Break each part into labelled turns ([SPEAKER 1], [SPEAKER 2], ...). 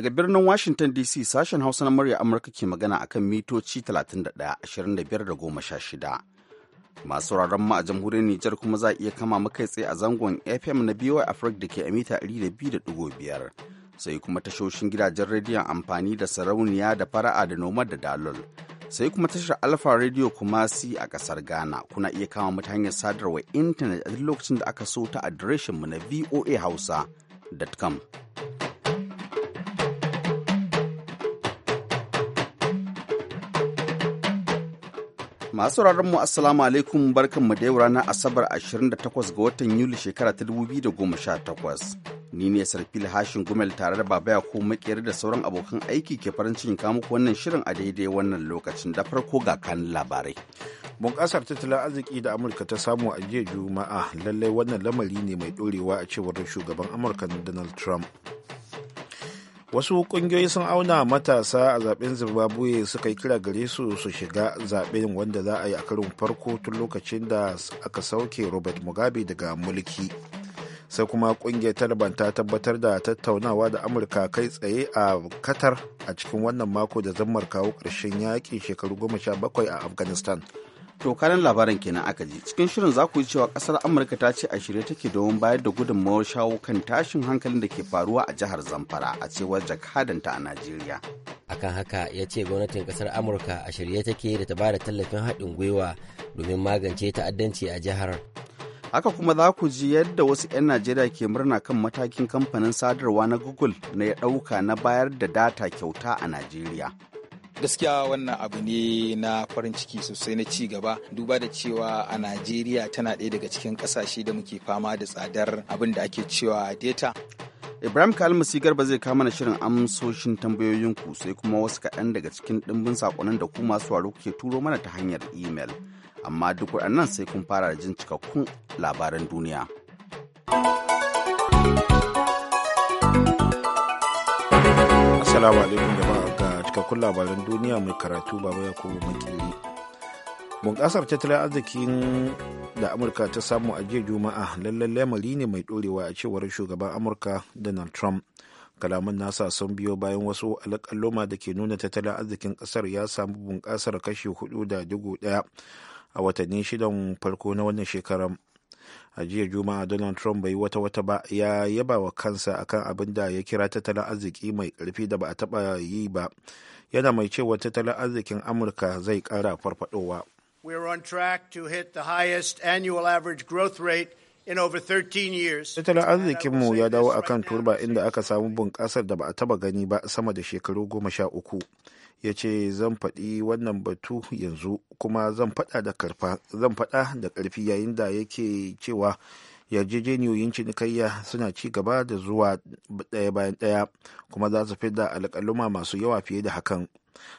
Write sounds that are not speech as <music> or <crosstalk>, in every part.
[SPEAKER 1] Daga birnin Washington DC sashen Hausa na murya Amurka ke magana akan mitoci 31-25-16. Masu rarren ma a jamhuriyar Nijar kuma za a iya kama makai tsaye a zangon FM na BY Africa da ke a mita 200.5. Sai kuma tashoshin gidajen rediyon amfani da sarauniya da fara'a da noma da dalol. Sai kuma tashar Alfa Radio Kumasi a kasar Ghana kuna iya kama mata hanyar sadarwa intanet a duk lokacin da aka so ta adireshinmu na voahausa.com. Masu mu Assalamu alaikum barkanmu da yau ranar Asabar 28 ga watan Yuli shekara ta 2018. Ni ne Sarfil Hashin Gumel tare da Baba ko Makeri da sauran abokan aiki ke farin cikin kamu wannan shirin a daidai wannan lokacin da farko ga kan
[SPEAKER 2] labarai. Bunƙasar tattalin arziki da Amurka ta samu a jiya Juma'a lallai wannan lamari ne mai ɗorewa a cewar shugaban Amurka Donald Trump. wasu kungiyoyi sun auna matasa a zaben zimbabwe suka yi kira gare su su shiga zaben wanda za a yi a karin farko tun lokacin da aka sauke robert mugabe daga mulki sai kuma kungiyar taliban ta tabbatar da tattaunawa da amurka kai tsaye a qatar a cikin wannan mako da zammar kawo karshen yaƙi shekaru goma sha bakwai a
[SPEAKER 1] afghanistan To kanan labaran kenan aka ji cikin shirin za ku yi cewa kasar Amurka ta ce a shirye take domin bayar da gudunmawar shawo kan tashin hankalin da ke faruwa a jihar Zamfara a cewar jakadanta
[SPEAKER 3] a Najeriya. Akan haka ya ce gwamnatin kasar Amurka a shirye take da ta bada tallafin haɗin gwiwa domin magance ta'addanci a jihar. Haka kuma za ku ji
[SPEAKER 1] yadda wasu 'yan Najeriya ke murna kan matakin kamfanin sadarwa na Google na ya ɗauka na bayar da data kyauta a Najeriya.
[SPEAKER 4] gaskiya wannan abu ne na farin ciki sosai na ci gaba duba da cewa a najeriya tana ɗaya daga cikin ƙasashe da muke fama da
[SPEAKER 1] tsadar abin da ake cewa data ibrahim kalmasi garba zai kama na shirin amsoshin tambayoyin ku sai kuma wasu kaɗan daga cikin ɗimbin saƙonan da ku masu waro kuke turo mana ta hanyar imel amma duk waɗannan sai kun fara da jin cikakkun labaran duniya
[SPEAKER 2] assalamu alaikum cikakkun labaran duniya mai karatu baba ya kuma makili bunƙasar tattalin arzikin da amurka ta samu a jiya juma'a lallan lamari ne mai ɗorewa a cewar shugaban amurka donald trump kalaman nasa sun biyo bayan wasu alƙaloma da ke nuna tattalin arzikin ƙasar ya samu bunƙasar kashi hudu da 4.1 a watanni shidan farko na wannan shekarar a jiya juma'a donald trump bai wata wata ba ya yaba wa kansa akan abin da ya kira tattalin arziki mai karfi da ba a taba yi ba yana mai cewa tattalin arzikin amurka zai kara farfadowa we are on track to hit the highest annual average growth rate in over 13 years tattalin arzikinmu ya dawo akan turba inda aka samu bunƙasar da ba a taba gani ba sama da shekaru goma sha uku ya ce zan faɗi wannan batu yanzu kuma zan faɗa da ƙarfi yayin da yake cewa yarjejeniyoyin cinikayya suna ci gaba da zuwa ɗaya bayan ɗaya kuma za su fidda alƙaluma masu yawa fiye da hakan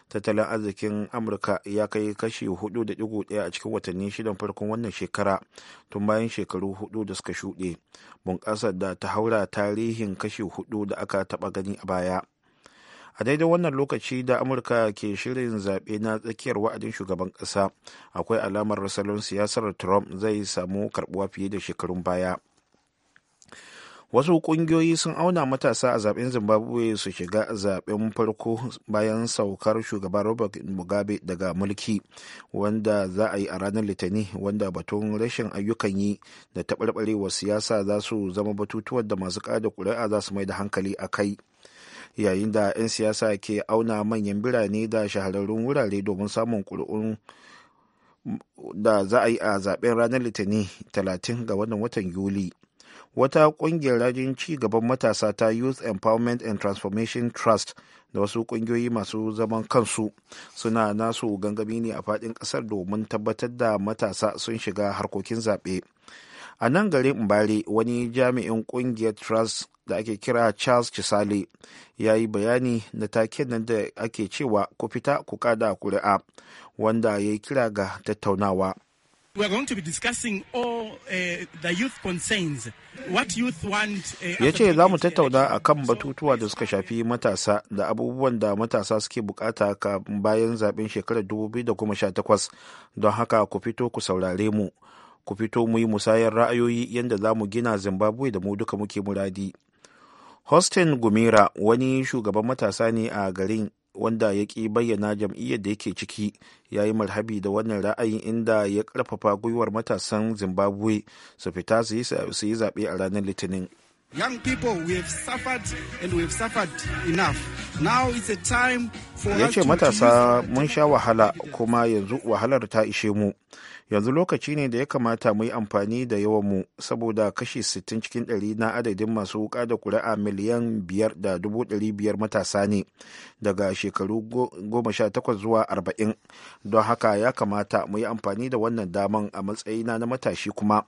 [SPEAKER 2] tattalin arzikin amurka ya kai kashi 4.1 a cikin watanni shidan farkon wannan shekara tun bayan shekaru hudu da suka shuɗe bunƙasar da ta haura tarihin kashi hudu da aka taɓa gani a baya a daidai wannan lokaci da amurka ke shirin zaɓe na tsakiyar wa'adin shugaban ƙasa akwai alamar salon siyasar trump zai samu karɓuwa fiye da shekarun baya wasu ƙungiyoyi sun auna matasa a zaɓen zimbabwe su shiga zaɓen farko bayan saukar shugaba robert mugabe daga mulki wanda za a yi a ranar litani wanda batun rashin ayyukan yi da taɓarɓarewar siyasa za su zama batutuwan da masu ƙada ƙuri'a za su mai da hankali a kai yayin da 'yan siyasa ke auna manyan birane da shahararrun wurare domin samun ƙuri'un da za a yi a zaben ranar litinin 30 ga wannan watan yuli wata ƙungiyar rajin ci gaban matasa ta youth empowerment and transformation trust da wasu ƙungiyoyi masu zaman kansu suna nasu gangami ne a faɗin ƙasar domin tabbatar da matasa sun shiga harkokin zaɓe a nan garin mbare wani jami'in ƙungiyar trust da ake kira charles chisale ya yi bayani na taken nan da ake cewa ku fita ku kada kuri'a wanda ya yi kira ga tattaunawa
[SPEAKER 4] eh, eh, ya ce
[SPEAKER 2] za mu tattauna a kan batutuwa da suka shafi matasa da abubuwan da matasa suke bukata ka bayan zaben shekarar 2018 don haka ku fito ku saurare mu. Ku fito mu yi musayar ra'ayoyi yadda za mu gina Zimbabwe da mu duka muke muradi. Hostin gumira wani shugaban matasa ne a garin wanda ya ƙi bayyana jam'iyyar da yake ciki ya yi marhabi da wannan ra'ayin inda ya ƙarfafa gwiwar matasan Zimbabwe su fita su yi zaɓe a ranar Litinin.
[SPEAKER 1] Young people, we have suffered and we have suffered enough. Now it's a time for ya ce matasa
[SPEAKER 2] mun sha wahala kuma yanzu wahalar ta ishe mu yanzu lokaci ne da ya kamata mu yi amfani da yawan mu saboda kashi 60 cikin 100 na adadin masu wuka da kuri'a miliyan 5.500 matasa ne daga shekaru 18 zuwa 40 don haka ya kamata mu yi amfani da wannan daman a matsayina na matashi kuma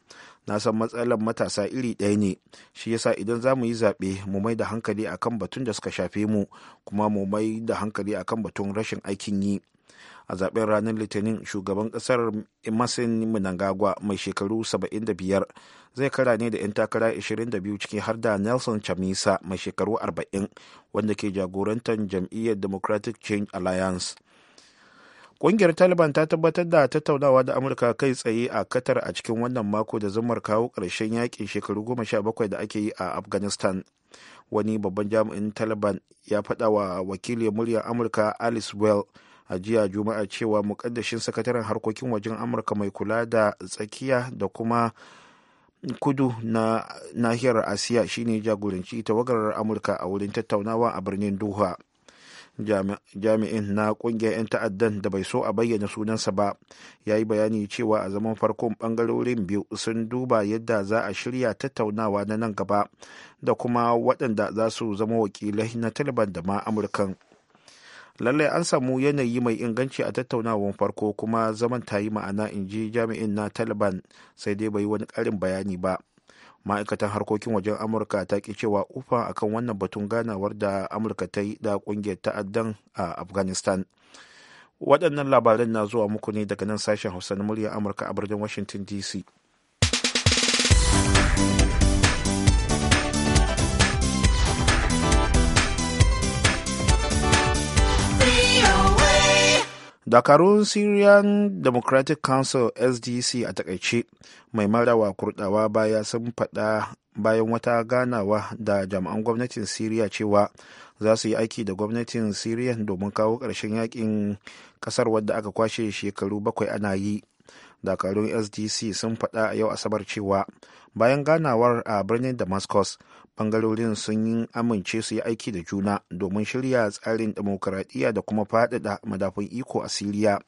[SPEAKER 2] na san matsalar matasa iri ɗaya ne shi yasa idan za mu yi zaɓe mu mai da hankali akan batun da suka shafe mu kuma mu mai da hankali akan batun rashin aikin yi a zaben ranar litinin shugaban kasar masin minangagwa mai shekaru 75 zai kara ne da 'yan takara 22 ciki har da nelson chamisa mai shekaru 40 wanda ke jagorantar jam'iyyar democratic change alliance ƙungiyar taliban ta tabbatar da tattaunawa da amurka kai tsaye a qatar a cikin wannan mako da zumar kawo ƙarshen yakin shekaru 17 da ake yi a afghanistan wani babban jami'in taliban ya faɗa wa wakili muryar amurka alice well a jiya juma'a cewa mukaddashin sakataren harkokin wajen amurka mai kula da tsakiya da kuma kudu na nahiyar asiya shine jagoranci tawagar amurka a wurin tattaunawa a birnin doha jami'in na kungiyar 'yan ta'addan da bai so a bayyana sunansa ba ya yi bayani cewa a zaman farkon bangarorin biyu sun duba yadda za a shirya tattaunawa na nan gaba da kuma waɗanda za su zama wakilai na taliban da ma amurkan lallai an samu yanayi mai inganci a tattaunawar farko kuma zaman ta yi ma'ana in ji jami'in na taliban sai dai bai wani karin bayani ba ma'aikatan harkokin wajen amurka ta ki cewa ufa akan wannan batun ganawar da amurka ta yi da kungiyar ta'addan a afghanistan waɗannan labaran na zuwa muku ne daga nan sashen hausa na murya amurka a birnin washington dc dakarun syrian democratic council sdc a takaice mai marawa kurdawa baya sun faɗa bayan wata ganawa da jami'an gwamnatin syria cewa za su yi aiki da gwamnatin syria domin kawo ƙarshen yakin ƙasar wadda aka kwashe shekaru bakwai ana yi dakarun sdc sun faɗa a yau asabar cewa bayan ganawar a birnin damascus bangarorin sun yi amince su yi aiki da juna domin shirya tsarin demokuraɗiyya da kuma faɗaɗa madafun iko a siriya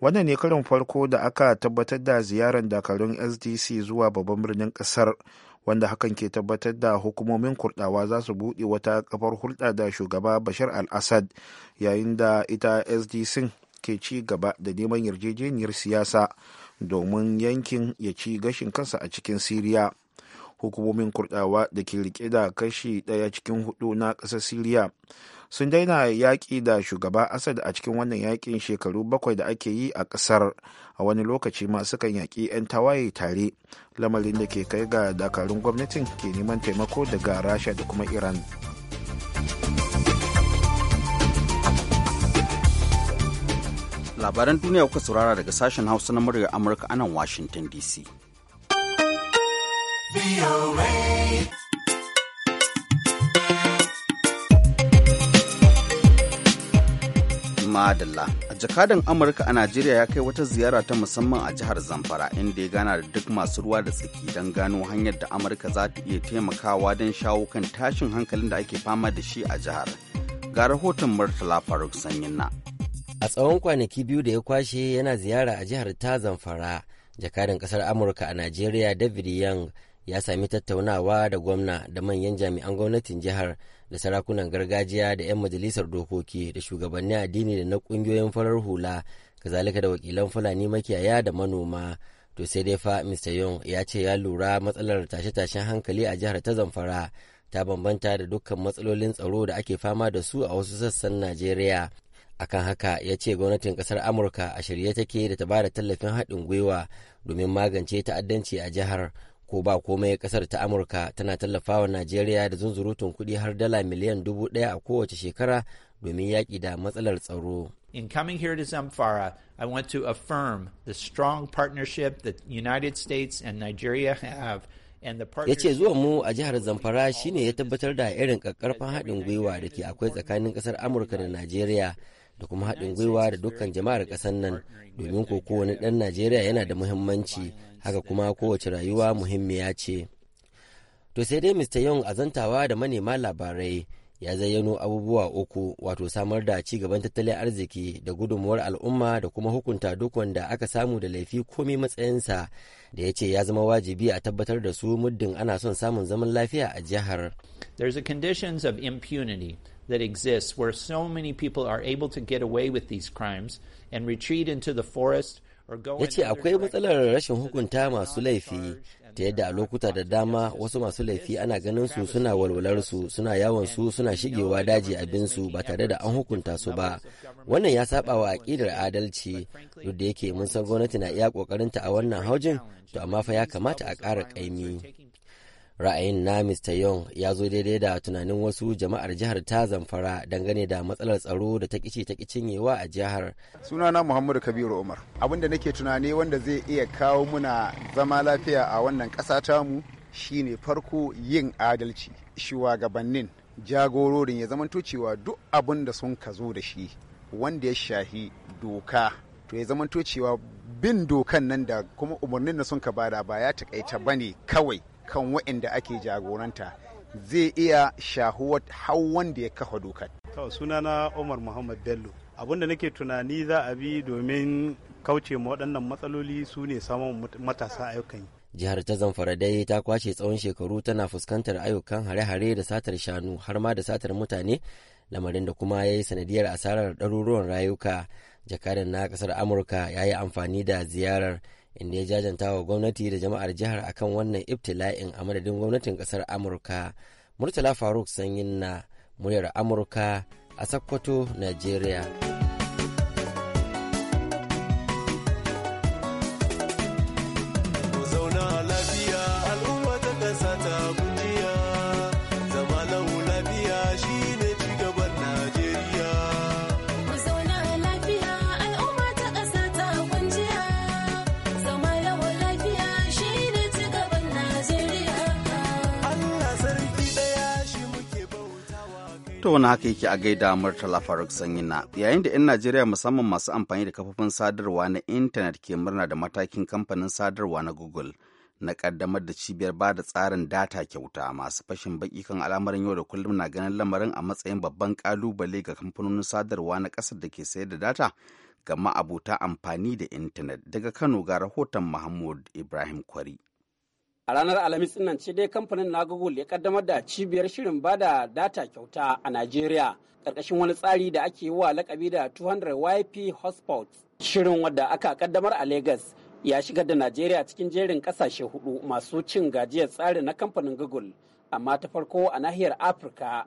[SPEAKER 2] wannan ne karin farko da aka tabbatar da ziyarar dakarun sdc zuwa babban birnin ƙasar wanda hakan ke tabbatar da hukumomin kurdawa za su buɗe wata kafar hulɗa da shugaba bashar al-assad yayin da ita sdc ke ci gaba da neman yarjejeniyar siyasa domin yankin ya ci gashin kansa a cikin siriya hukumomin kurdawa da ke rike da kashi daya cikin hudu na ƙasar siriya sun daina yaƙi da shugaba asad a cikin wannan yaƙin shekaru bakwai da ake yi a ƙasar a wani lokaci ma kan yaƙi 'yan tawaye tare lamarin da ke kai ga dakarun gwamnatin ke neman taimako daga rasha da kuma iran
[SPEAKER 1] labaran duniya kuka saurara daga sashen hausa na murya amurka anan washington dc Madalla. A jakadan Amurka a Najeriya ya kai wata ziyara ta musamman a jihar Zamfara inda ya gana da duk masu ruwa da tsaki don gano hanyar da Amurka za ta iya taimakawa don shawo kan tashin hankalin da ake fama da shi a jihar.
[SPEAKER 3] Ga rahoton Murtala Faruk Sanyin na. A tsawon kwanaki biyu da ya kwashe yana ziyara a jihar ta Zamfara, jakadan kasar Amurka a Najeriya David Young ya sami tattaunawa da gwamna da manyan jami'an gwamnatin jihar da sarakunan gargajiya da 'yan majalisar dokoki da shugabanni addini da na kungiyoyin farar hula kazalika da wakilan fulani makiyaya da manoma to sai dai fa mr Yong ya ce ya lura matsalar tashe-tashen hankali a jihar ta zamfara ta bambanta da dukkan matsalolin tsaro da ake fama da su a wasu sassan najeriya akan haka ya ce gwamnatin kasar amurka a shirye take da ta da tallafin haɗin gwiwa domin magance ta'addanci a jihar ko ba komai kasar ta amurka tana tallafawa najeriya da zunzurutun kuɗi har dala miliyan dubu ɗaya a kowace shekara domin yaƙi da matsalar tsaro
[SPEAKER 5] In coming here to Zamfara, I want to affirm the strong partnership that United States and Nigeria have ya ce
[SPEAKER 3] zuwa mu a jihar zamfara shine ya tabbatar da irin kakkarfan haɗin gwiwa da ke akwai tsakanin ƙasar amurka da najeriya da kuma haɗin gwiwa da dukkan jama'ar ƙasar nan domin ko kowane ɗan najeriya yana da muhimmanci haka kuma kowace rayuwa muhimmiya ce to sai dai mr young azantawa da manema labarai ya zayyano abubuwa uku wato samar da ci gaban tattalin arziki da gudunmuwar al'umma da kuma hukunta duk wanda aka samu da laifi komai matsayinsa da ya ce ya zama wajibi a tabbatar da su muddin ana son samun zaman lafiya a jihar.
[SPEAKER 5] There's a conditions of impunity that exists where so many people are able to get away with these crimes and retreat into the forest ya ce akwai
[SPEAKER 3] matsalar rashin hukunta masu laifi ta yadda a uh, lokuta da dama wasu masu laifi ana ganin su suna walwalar su suna yawon su suna shigewa daji abinsu ba tare da an hukunta su ba wannan ya saba wa aƙidar adalci duk da yake mun san gwamnati na iya ƙoƙarinta a wannan haujin to amma fa ya kamata a ƙara ƙaimi ra'ayin na mr young ya zo daidai da tunanin wasu jama'ar jihar ta zamfara dangane da matsalar tsaro da ta kici ta a jihar
[SPEAKER 2] sunana muhammadu kabiru umar abin
[SPEAKER 5] da nake tunani wanda zai iya kawo muna zama lafiya a wannan ƙasa mu shine farko yin adalci shugabannin jagororin ya zamanto cewa duk abin da sun ka zo da shi wanda ya shahi doka to ya zamanto cewa bin dokan nan da kuma umarnin da sun ka bada ba ya takaita bane kawai kan
[SPEAKER 2] waɗanda ake jagoranta zai iya shahuwar har wanda ya kafa dokar. suna sunana Umar Muhammad Bello. Abin da nake tunani za a bi domin kauce ma waɗannan matsaloli su ne samun matasa ayyukan
[SPEAKER 3] Jihar ta Zamfara dai ta kwashe tsawon shekaru tana fuskantar ayyukan hare-hare da satar shanu har ma da satar mutane lamarin da kuma ya yi sanadiyar asarar ɗaruruwan rayuka. Jakadan na ƙasar Amurka ya yi amfani da ziyarar inda ya jajanta wa gwamnati da jama'ar jihar akan wannan ibtila'in a madadin gwamnatin kasar amurka murtala faruk sanyin na muryar amurka a sakkwato najeriya
[SPEAKER 1] To wani haka yake a gaida Murtala Faruk na yayin da 'yan Najeriya musamman masu amfani da kafofin sadarwa na intanet ke murna da matakin kamfanin sadarwa na Google na kaddamar da cibiyar ba da tsarin data kyauta masu fashin baki kan al'amarin yau da kullum na ganin lamarin a matsayin babban kalubale ga kamfanonin sadarwa na ƙasar da ke sayar da data ga ma'abuta amfani da intanet daga Kano ga rahoton Mahmud Ibrahim Kwari.
[SPEAKER 5] A ranar Alhamis nan ce dai kamfanin na Google ya kaddamar da cibiyar shirin bada data kyauta a Najeriya ƙarƙashin wani tsari da ake yi wa lakabi da 200 YP hotspots. Shirin wadda aka kaddamar a Lagos ya shigar da Najeriya cikin jerin kasashe hudu masu cin gajiyar tsari na kamfanin Google amma ta farko a nahiyar Afirka.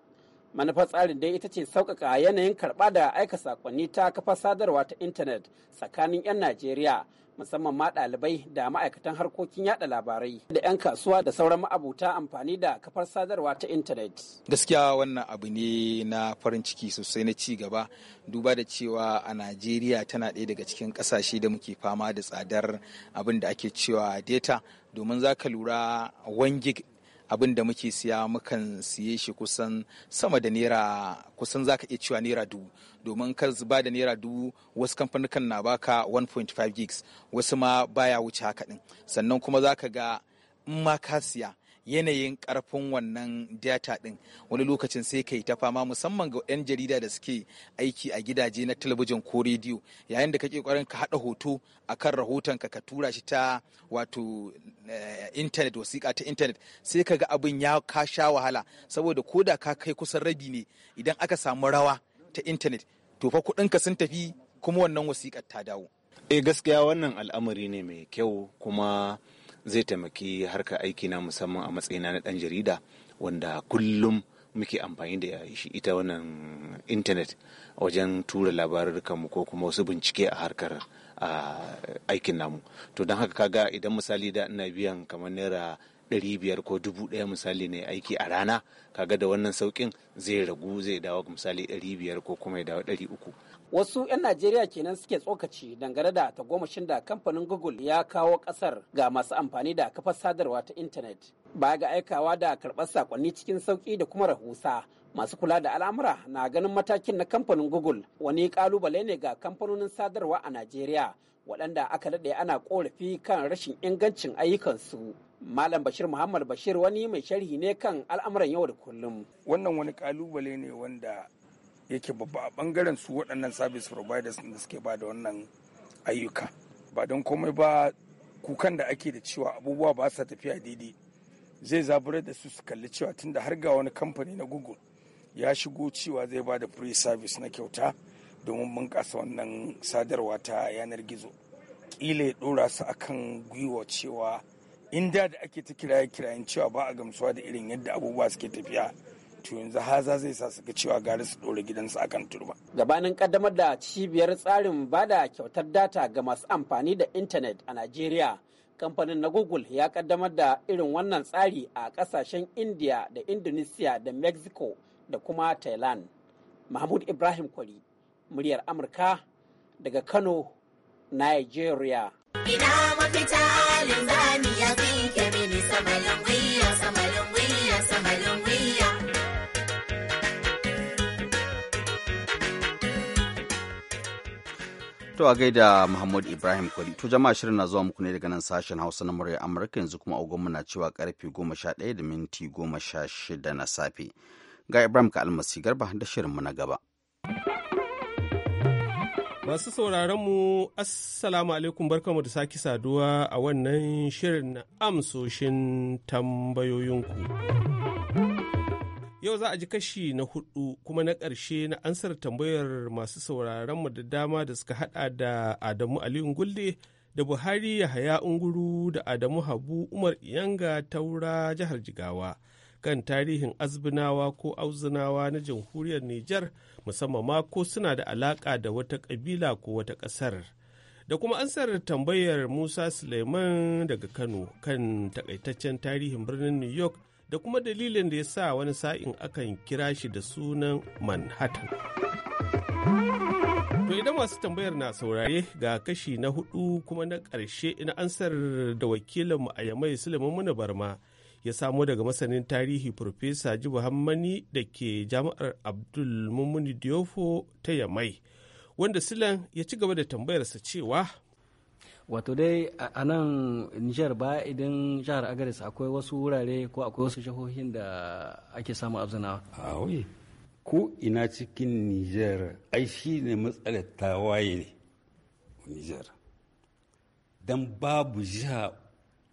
[SPEAKER 5] Manufar tsarin dai ita ce sauƙaƙa yanayin karɓa da aika saƙonni ta kafa sadarwa ta intanet tsakanin 'yan Najeriya musamman ma ɗalibai da ma'aikatan harkokin yada labarai da 'yan kasuwa da sauran ma'abuta amfani da kafar sadarwa ta intanet.
[SPEAKER 4] Gaskiya wannan abu ne na farin ciki sosai na ci gaba duba da cewa a Najeriya tana ɗaya daga cikin ƙasashe da muke fama da tsadar abin da ake cewa data domin za ka lura 1 gig abin da muke siya mukan siye shi kusan sama da naira kusan za ka iya cewa naira dubu domin ka ba da naira dubu wasu kamfanukan na baka 1.5 gigs wasu ma baya wuce haka din sannan kuma za ka ga in ma ka siya yanayin karfin wannan data din wani lokacin sai kai ta fama musamman ga 'yan jarida da suke aiki a gidaje na talabijin ko rediyo yayin da kake ƙoƙarin ka haɗa hoto kan rahoton ka ka tura shi ta wato eh, intanet wasiƙa ta intanet sai ka ga abin ya ka sha wahala saboda ko da ka kai kusan rabi ne idan aka samu rawa ta intanet to fa kuɗinka sun tafi kuma wannan wasiƙar ta dawo.
[SPEAKER 6] Eh gaskiya wannan al'amari ne mai kyau kuma zai taimaki harkar aiki na musamman a matsayina na ɗan jarida wanda kullum muke amfani da shi ita wannan intanet wajen tura labarurkanmu ko kuma wasu bincike a harkar aikin namu to don haka kaga idan misali da ina biyan kamar naira ɗari biyar ko dubu ɗaya misali ne aiki a rana kaga da wannan saukin zai ragu zai dawo misali ɗari biyar ko kuma ya dawo ɗari uku
[SPEAKER 5] Wasu 'yan Najeriya kenan suke tsokaci dangane da tagomashin da kamfanin Google ya kawo ƙasar ga masu amfani da kafar sadarwa ta intanet. Baya ga aikawa da karɓar sakonni cikin sauƙi da kuma rahusa masu kula da al'amura na ganin matakin na kamfanin google wani kalubale ne ga kamfanonin sadarwa a najeriya waɗanda aka daɗe ana korafi kan rashin ingancin ayyukansu malam bashir muhammad bashir wani
[SPEAKER 4] mai sharhi ne kan al'amuran yau da kullum wannan wani kalubale ne wanda yake babba a bangaren su waɗannan service providers da suke ba da wannan ayyuka ba don komai ba kukan da ake da cewa abubuwa ba sa tafiya daidai zai zaburar da su su kalli cewa tunda har ga wani kamfani na google ya shigo cewa zai ba da free service na kyauta domin bunƙasa wannan sadarwa ta yanar gizo ƙila ya ɗora su akan gwiwa cewa inda da ake ta kiraye kirayen cewa ba a gamsuwa da irin yadda abubuwa suke tafiya to yanzu haza zai sa su ga cewa gari su ɗora gidansu akan turba.
[SPEAKER 5] Gabanin kaddamar da cibiyar tsarin bada kyautar data ga masu amfani da intanet a Najeriya. Kamfanin na Google ya kaddamar da irin wannan tsari a kasashen India da Indonesia da Mexico da kuma Thailand. Mahmud Ibrahim Kwari, muryar Amurka daga Kano, Nigeria.
[SPEAKER 3] Ina mafita linzani ya fi mini sama
[SPEAKER 1] To a gaida Muhammad Ibrahim Kwari. To jama'a shirin na zuwa muku ne daga nan sashen Hausa na murya Amurka yanzu kuma agogonmu na cewa karfe 11 da minti 16 na safe. Ga Ibrahim ka almasi garba da shirinmu na gaba.
[SPEAKER 6] Masu mu Assalamu alaikum barkamu da sake saduwa a wannan shirin amsoshin tambayoyinku. Yau za a ji kashi na hudu kuma na ƙarshe na ansar tambayar masu mu da dama da suka hada da Adamu Aliyu Gulde da Buhari Yahaya Unguru da Adamu Habu Umar Iyanga Taura jihar Jigawa kan tarihin azbinawa ko auzinawa na jamhuriyar Nijar musamman ma ko suna da alaƙa da wata ƙabila ko wata ƙasar. Da kuma ansar tambayar Musa Suleiman daga Kano kan takaitaccen tarihin birnin New York da kuma dalilin da ya sa wani sa'in akan kira shi da sunan manhattan to idan masu tambayar na saurare ga kashi na hudu kuma na ƙarshe na ansar da wakilinmu a yamai suleiman muna barma ya samo daga masanin tarihi Profesa Jibu Hammani da ke jami'ar Abdul Mumuni Diofo ta Yamai, wanda Silan ya ci gaba da tambayarsa cewa wato dai a nan nijar ba idan jihar agaris akwai wasu wurare ko
[SPEAKER 5] akwai wasu jihohin
[SPEAKER 7] da ake samu abzinawa a ko ina cikin nijar ai shi ne matsalar tawaye ne nijar don babu jiha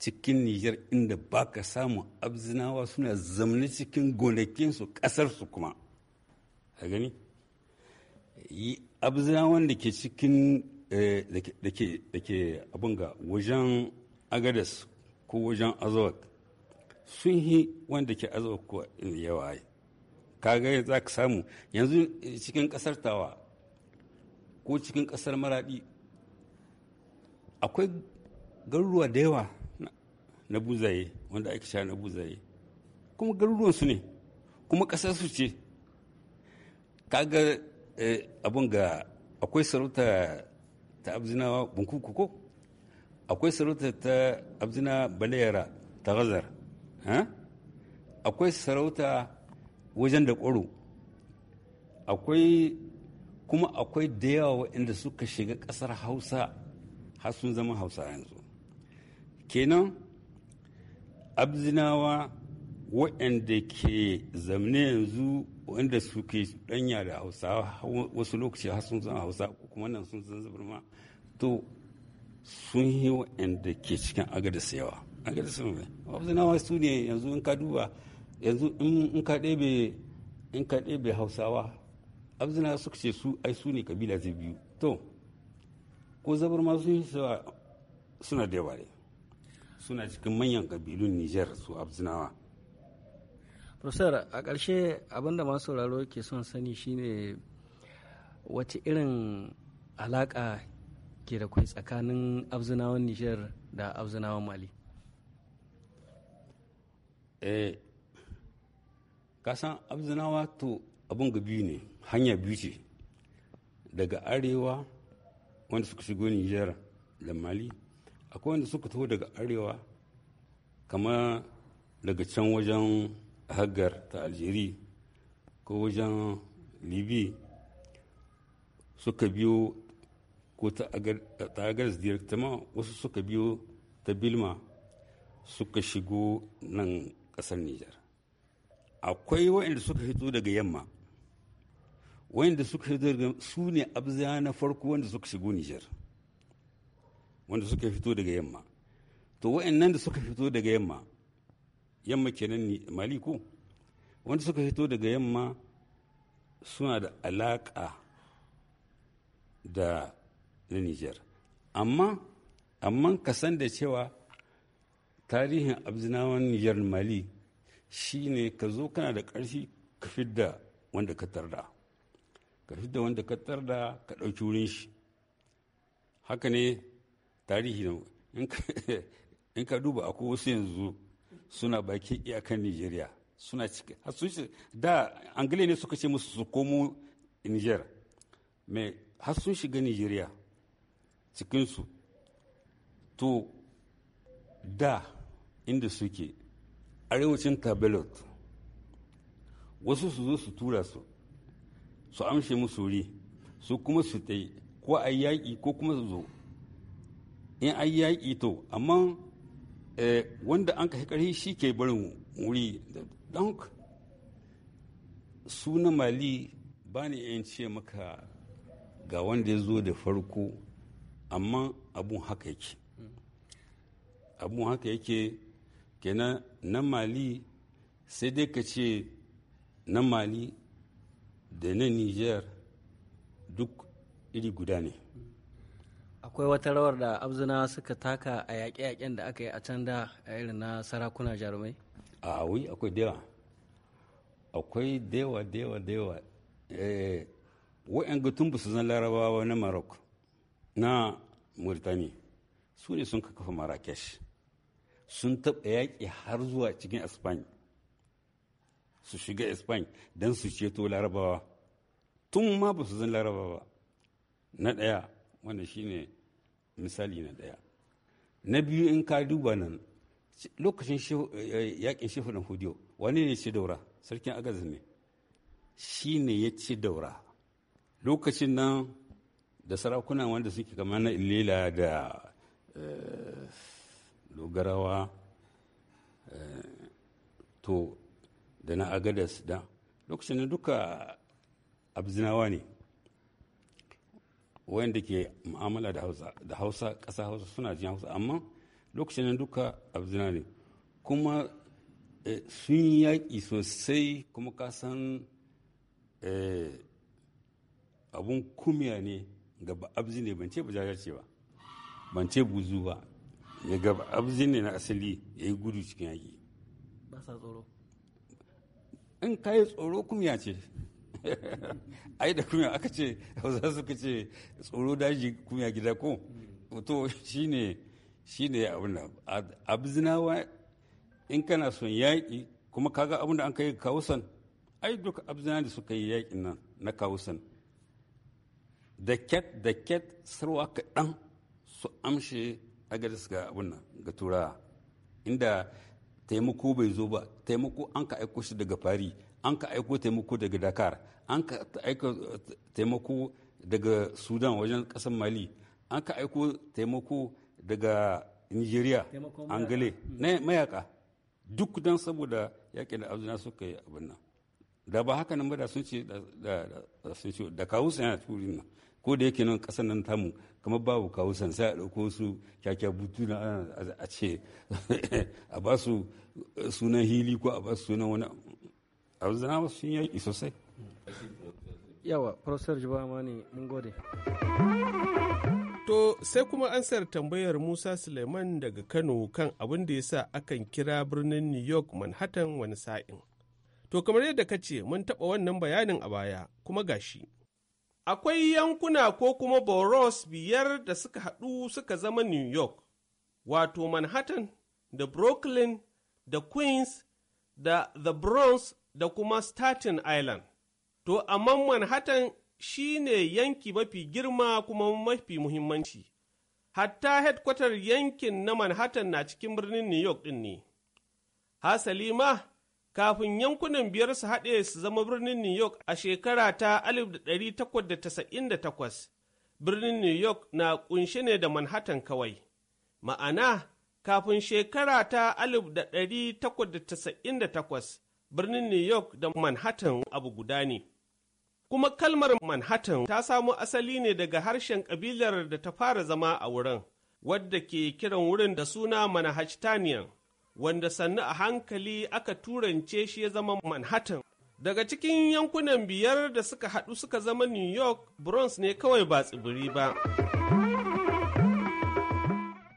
[SPEAKER 7] cikin nijar inda baka samu abzinawa suna zamani cikin gonakinsu ƙasarsu kuma a gani abzinawan da ke cikin Eh, da ke abin ga wajen agadas ko wajen azawak sun yi wanda ke azawak ko yawa yi kaga za ka samu yanzu cikin kasar tawa ko cikin kasar maradi akwai garuruwa da yawa na buzaye wanda ake sha na buzaye kuma garuruwansu ne kuma ƙasarsu ce kaga eh, abin ga akwai sarauta ta abzina bunkuku ko akwai sarauta ta abzina balayara ta gazar akwai sarauta wajen da kwaro akwai kuma akwai da yawa waɗanda suka shiga ƙasar hausa har sun zama hausa yanzu kenan abzinawa waɗanda ke zamne yanzu wanda suke danya da hausawa wasu lokaci har sun zan hausa kuma nan sun zan ma to sun yi wa'anda ke cikin agadis yawa agadis ne hausawa su ne yanzu in ka duba yanzu in ka ɗebe in ka ɗebe hausawa abzina suka ce su ai su ne kabila zai biyu to ko ma sun yi suna da yawa ne suna cikin manyan kabilun nijar su abzinawa
[SPEAKER 5] Profesor a ƙarshe abinda masu sauraro ke son sani shine wace irin alaƙa ke da kwai tsakanin abzinawan Nijar
[SPEAKER 7] da abzinawan Mali. Eh, kasan abzinawa to abin ga biyu ne, hanya biyu ce daga arewa wanda suka shigo Nijar da Mali, akwai wanda suka taho daga arewa kamar daga can wajen Hagar ta algeria ko wajen libi suka biyo ko ta Agars directement wasu suka biyo ta bilma suka shigo nan kasar nijar akwai waɗanda suka fito daga yamma waɗanda suka hito daga su ne abuzaya na farko wanda suka shigo nijar wanda suka fito daga yamma to waɗannan da suka fito daga yamma yamma kenan mali ko wanda suka fito daga yamma suna da alaƙa da na niger amma amma ka san da cewa tarihin abzinawan niger mali shine ka zo kana da ƙarfi ka fidda wanda ka tarda ka fidda wanda ka tarda ka ɗauki wurin shi haka ne tarihi <laughs> in ka duba akwai wasu yanzu suna bakin iyakan Nigeria suna cikin da Angile ne suka ce musu su komo Niger mai har sun shiga Nigeria cikinsu to da inda suke arewacin tabelot wasu su zo su tura su su amshe musu wuri su kuma su ta ko a yaƙi ko kuma su zo in an yaƙi to amma Eh, wanda an kai ƙarfi shi ke barin wuri don suna mali ba ni yan ce maka ga wanda ya zo da farko amma abun haka yake abun haka yake kenan na mali sai dai ka ce na mali da na niger duk iri guda ne
[SPEAKER 5] akwai wata rawar da abzina suka taka a yaƙe-yaƙen da aka yi a can da a irin na sarakuna jarumai
[SPEAKER 7] a wuyi akwai dewa akwai dewa dewa dewa eh, wa'yan gutun ba su zan larabawa na marok na murtani su ne sun kafa marrakesh sun taɓa yaƙi har zuwa cikin espan su shiga espan don su ceto larabawa tun ma ba su zan larabawa na ɗaya wanda shine misali na ɗaya na biyu in ka duba nan lokacin eh, eh, yakin shehu na hudiyo wani ne ci daura sarkin agazin ne shi ne ya ci daura lokacin nan da sarakuna wanda suke kama na ilila da eh, dogarawa to da na agadas da lokacin da duka abzinawa ne wanda ke mu'amala da hausa da hausa ƙasa hausa suna jin hausa amma lokacin nan duka abuzina ne kuma eh, sun yaƙi sosai kuma ka san eh, abun kumiya ne ga abzi ne ban ce ba jaja ba ban ce buzu ba ya ga abzi ne na asali ya yi gudu cikin yaƙi ba sa tsoro in ka yi tsoro kumiya ce ai da kuma aka ce hausa suka ce tsoro daji kuma gida ko to shine shine abin da abzinawa in kana son yaƙi kuma kaga abin da an kai kawusan ai duk abzina da suka yi yaƙin nan na kawusan da ket da ket sarwa kaɗan su amshe agadis ga abin nan ga tura inda taimako bai zo ba taimako an ka aiko shi daga fari an ka aiko taimako daga dakar an ka aika taimako daga sudan wajen kasan mali an ka aiko taimako daga nigeria angale na mayaka duk don saboda yaƙi da su suka yi abin nan da ba haka nan ba da sun ce da sun yana turin nan ko da yake nan ƙasar nan tamu kamar babu sun sai a ɗauko su kyakya butu na a ce <laughs> a ba su sunan hili ko a ba su sunan wani su sun yaƙi sosai
[SPEAKER 6] Yawa, profesor Jibama ne, mun gode. To sai kuma ansar tambayar Musa Suleiman daga Kano kan abin da ya sa akan kira birnin New York Manhattan wani sa'in. To kamar yadda ka ce mun taɓa wannan bayanin a baya kuma gashi. Akwai yankuna ko kuma boros biyar da suka haɗu suka zama New York, wato Manhattan da Brooklyn da Queens da The Bronx da kuma Staten Island. To, amma Manhattan shi ne yanki mafi girma kuma mafi muhimmanci. Hatta hedkwatar yankin na Manhattan na cikin birnin New York ɗin ne. Hasali ma, kafin yankunan biyar su haɗe su zama birnin New York a shekara ta 1898, birnin New York na ƙunshe ne da Manhattan kawai. Ma'ana, kafin shekara ta 1898, birnin New York da Manhattan abu guda ne. kuma kalmar Manhattan ta samo asali ne daga harshen kabilar da ta fara zama a wurin, wadda ke kiran wurin da suna Manhattanian, wanda sannu a hankali aka turance shi ya zama Manhattan. Daga cikin yankunan biyar da suka haɗu suka zama New York, Bronx ne kawai ba tsibiri ba.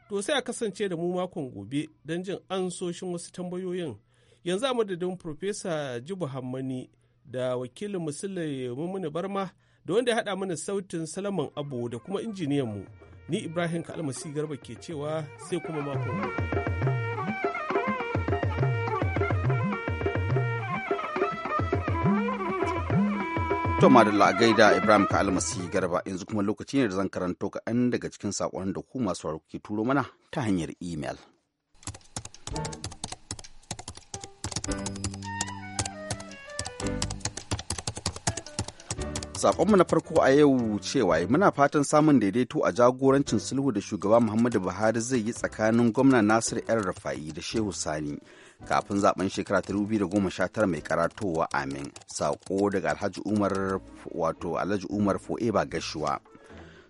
[SPEAKER 6] To sai a kasance da mu makon gobe don jin ansoshin wasu tambayoyin. Yanzu a madadin Profesa Jibu Hammani da wakilin musulle mummuni barma da wanda ya haɗa mana sautin salaman abu da kuma mu ni ibrahim kalmasi garba ke cewa sai kuma mako
[SPEAKER 1] To Madalla gaida Ibrahim ka almasi garba yanzu kuma lokaci ne da zan karanto kaɗan daga cikin saƙon da ku masu ke turo mana ta hanyar imel. Sakonmu na farko a yau cewa muna fatan samun daidaito a jagorancin sulhu da shugaba Muhammadu Buhari zai yi tsakanin gwamna Nasir El Rafa'i da Shehu Sani kafin zaben shekara 2019 mai karatowa amin. Sako daga Alhaji Umar wato Alhaji Umar Fo'eba Gashuwa.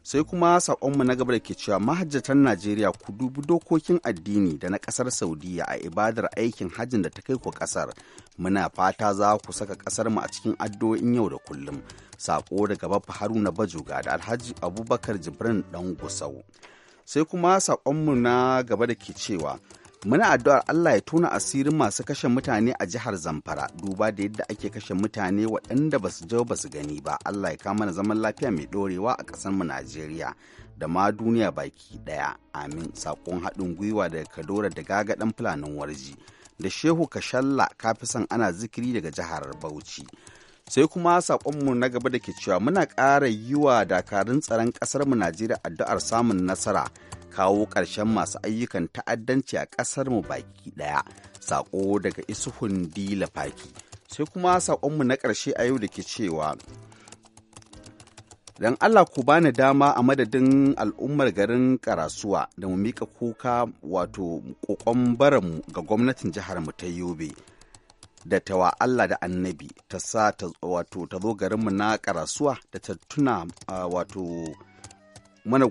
[SPEAKER 1] sai kuma saƙonmu na gaba da ke cewa mahajjatan najeriya ku dubi dokokin addini da na ƙasar saudiya a ibadar aikin hajjin da ta kai ku ƙasar muna fata za ku saka ƙasarmu a cikin addu'o'in yau da kullum saƙo daga babba haruna bajuga da alhaji abubakar jibrin ɗan gusau sai kuma saƙonmu na gaba da ke cewa muna addu'ar Allah ya tona asirin masu kashe mutane a jihar Zamfara duba da yadda ake kashe mutane waɗanda ba su je ba su gani ba Allah ya kama na zaman lafiya mai ɗorewa a ƙasar mu Najeriya da ma duniya baki ɗaya amin Sakon haɗin gwiwa daga Kadora da gagaɗan fulanin warji da Shehu Kashalla kafisan ana zikiri daga jihar Bauchi sai kuma saƙonmu na gaba da ke cewa muna ƙara yi wa dakarun tsaron ƙasar mu Najeriya addu'ar samun nasara kawo ƙarshen masu ayyukan ta'addanci a ƙasar mu baki ɗaya saƙo daga isuhun dila faki sai kuma saƙonmu na ƙarshe a yau da ke cewa don Allah ku bani dama a madadin al'ummar garin Karasuwa da mu mika kuka wato kokon baranmu ga gwamnatin jihar mu ta Yobe da tawa Allah da annabi ta sa ta zo garinmu na Karasuwa da ta tuna wato mana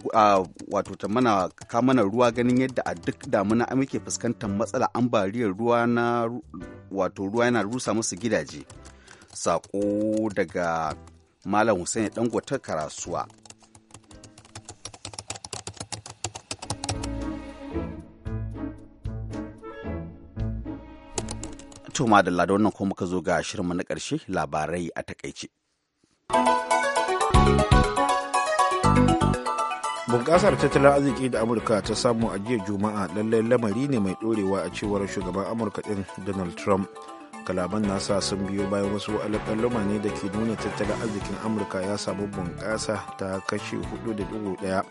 [SPEAKER 1] wato ta mana ka mana ruwa ganin yadda a duk damuna muke fuskantar matsala ambaliyar ruwa na wato ruwa yana rusa musu gidaje sako daga malam hussein ta karasuwa to madalla da wannan kuma muka zo ga shirinmu na ƙarshe labarai a takaice
[SPEAKER 2] bunƙasar tattalin arziki da amurka ta samu a jiya juma'a lallai lamari ne mai ɗorewa a cewar shugaban amurka ɗin donald trump kalaman nasa sun biyo bayan wasu alƙaluma ne da ke nuna tattalin arzikin amurka ya samu bunƙasa ta kashi 4.1 a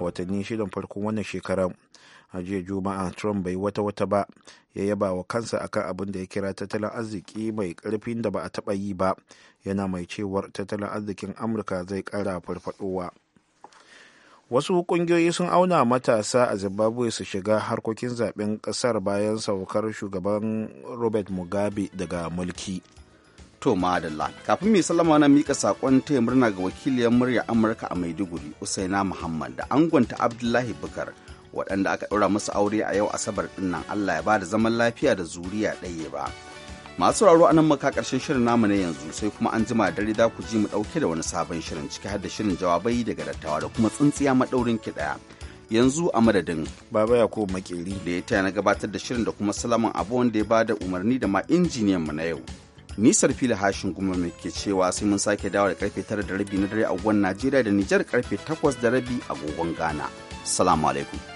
[SPEAKER 2] watanni shidan farkon wannan shekarar a jiya juma'a trump bai wata wata ba ya yaba wa kansa akan abin da ya kira tattalin arziki mai ƙarfin da ba a taɓa yi ba yana mai cewar tattalin arzikin amurka zai ƙara farfaɗowa. wasu kungiyoyi sun auna matasa a zimbabwe su shiga harkokin zaben kasar bayan saukar shugaban robert mugabe daga mulki
[SPEAKER 1] to madalla kafin mai sallama na mika sakon taya murna ga wakiliyar murya amurka a maiduguri usaina muhammad da angonta abdullahi bukar waɗanda aka ɗora musu aure a yau asabar ɗinnan allah ya ba da zaman lafiya da zuriya ɗaya ba masu sauraro anan maka karshen shirin namu na yanzu sai kuma an jima dare da ku ji mu dauke da wani sabon shirin ciki har da shirin jawabai daga dattawa da kuma tsintsiya madaurin ki daya yanzu a madadin baba ya makeri da ya taya na gabatar da shirin da kuma salaman abu wanda ya bada umarni da ma injiniyan mu na yau nisar fili hashin kuma mai ke cewa sai mun sake dawo da karfe tara da rabi na dare a gwan najeriya da nijar karfe takwas da rabi a gogon ghana salamu alaikum